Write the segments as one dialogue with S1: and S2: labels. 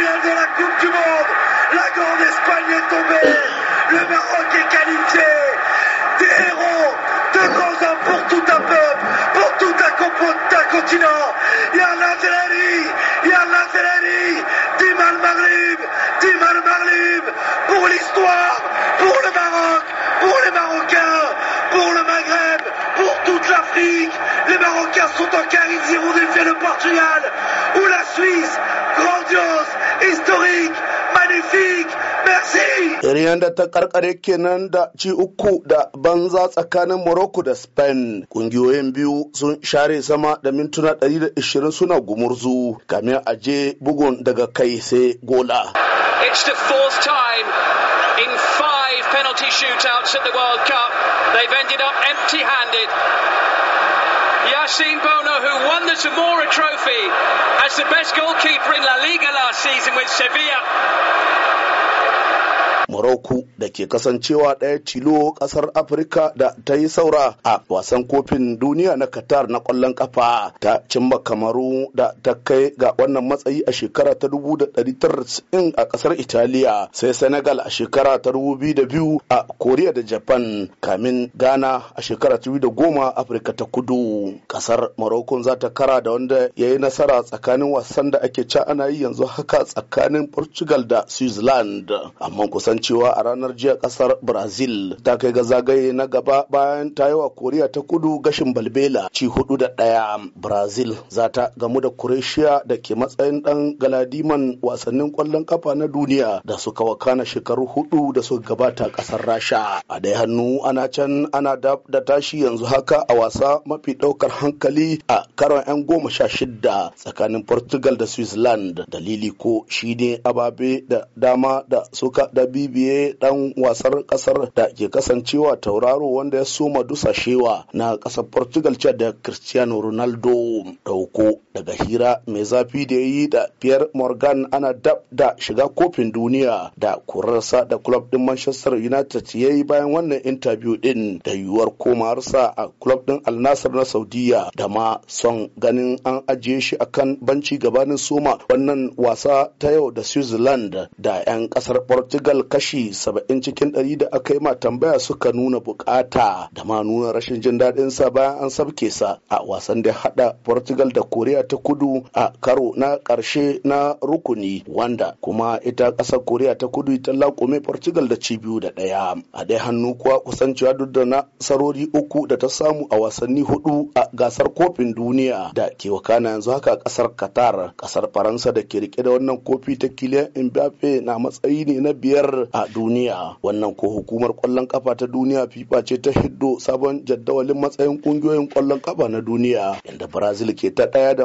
S1: la Coupe du Monde. La grande Espagne est tombée. Le Maroc est qualifié. Des héros, de grands hommes pour tout un peuple, pour tout un, continent. Il y a ya il y a l'Azrari, des Al-Maghrib, Dim pour l'histoire, pour le Maroc, pour les Marocains, pour le Maghreb, pour toute l'Afrique. Les Marocains sont en quart, ils iront le Portugal. da ta karkare kenan da ci uku da banza tsakanin Morocco da Spain. biyu sun share sama da mintuna 120 suna gumurzu aje bugun daga kai sai gola. It's the fourth time in five penalty shootouts at the World Cup. They've ended up empty-handed. Yassine Bono, who won the Zamora Trophy as the best goalkeeper in La Liga last season with Sevilla, morocco da ke kasancewa ɗaya tilo ƙasar afirka da ta yi saura a wasan kofin duniya na qatar na ƙwallon kafa ta cimma kamaru da ta kai ga wannan matsayi a shekara ta 1990 a ƙasar italiya sai senegal a shekara ta 2002 a koriya da japan kamin ghana a shekara ta goma afirka ta kudu ƙasar morocco za ta kara da wanda ya yi nasara tsakanin wasan da ake ca ana yi yanzu haka tsakanin portugal da switzerland amma kusanci cewa a ranar jiya kasar Brazil ta kai ga zagaye na gaba bayan ta yi wa Koriya ta kudu gashin balbela ci hudu da ɗaya. Brazil za ta gamu da Croatia da ke matsayin ɗan galadiman wasannin kwallon kafa na duniya da suka wakana shekaru hudu da suka gabata ƙasar Rasha. A dai hannu ana can ana da tashi yanzu haka a wasa mafi ɗaukar hankali a karon 'yan goma sha shidda tsakanin Portugal da Switzerland. Dalili ko shine ababe da dama da suka da Olivier dan wasar kasar da ke kasancewa tauraro wanda ya soma dusashewa na kasar Portugal ce da Cristiano Ronaldo dauko daga hira mai zafi da ya yi da Pierre Morgan ana dab da shiga kofin duniya da kurarsa da club din Manchester United ya yi bayan wannan interview din da yiwuwar komarsa a club din alnasar na Saudiya da ma son ganin an ajiye shi a kan banci gabanin soma wannan wasa ta yau da Switzerland da 'yan kasar Portugal kashi 70 cikin 100 da aka yi ma tambaya suka nuna bukata da ma nuna rashin jin daɗin sa bayan an sabke sa a wasan da haɗa Portugal da Korea ta kudu a karo na ƙarshe na rukuni wanda kuma ita ƙasar koriya ta kudu ta laƙume portugal da ci biyu da ɗaya a ɗaya hannu kuwa kusancewa duk da na sarori uku da ta samu a wasanni hudu a gasar kofin duniya da ke wakana yanzu haka ƙasar qatar ƙasar faransa da ke rike da wannan kofi ta kiliyan mbappe na matsayi ne na biyar a duniya wannan ko hukumar ƙwallon kafa ta duniya fifa ce ta hiddo sabon jadawalin matsayin ƙungiyoyin ƙwallon kafa na duniya inda brazil ke ta ɗaya da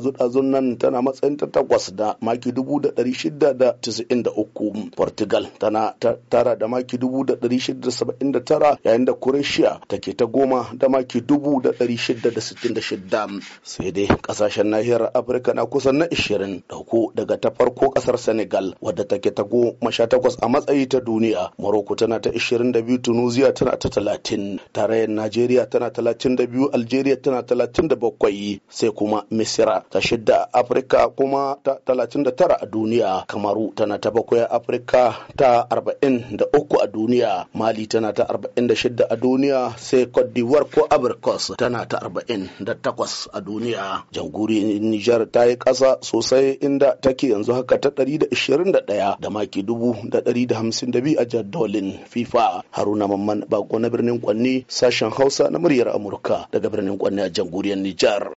S1: dazu-dazun nan tana matsayin ta takwas da maki dubu da ɗari shida da tisa'in da uku. Portugal tana tara da maki dubu da ɗari shida da saba'in da tara yayin da Croatia take ta goma da maki dubu da ɗari shida da sittin da shida. Sai dai ƙasashen nahiyar Afirka na kusan na ishirin dauko daga ta farko ƙasar Senegal wadda take ta goma sha takwas a matsayi ta duniya. Morocco tana ta ishirin da biyu Tunisia tana ta talatin. Tarayyar Najeriya tana talatin da biyu Algeria tana talatin da bakwai sai kuma Misira ta shidda a afirka kuma ta talatin da tara a duniya kamaru tana ta bakwai a afirka ta arba'in da uku a duniya mali tana ta arba'in da shidda a duniya sai cote ko abrikos tana ta arba'in da takwas a duniya janguri nijar ta yi ƙasa sosai inda take yanzu haka ta ɗari da ishirin da ɗaya da maki dubu da ɗari da hamsin da biyu a jadolin fifa haruna mamman bako na birnin kwanni sashen hausa na muryar amurka daga birnin kwanni a janguriyar nijar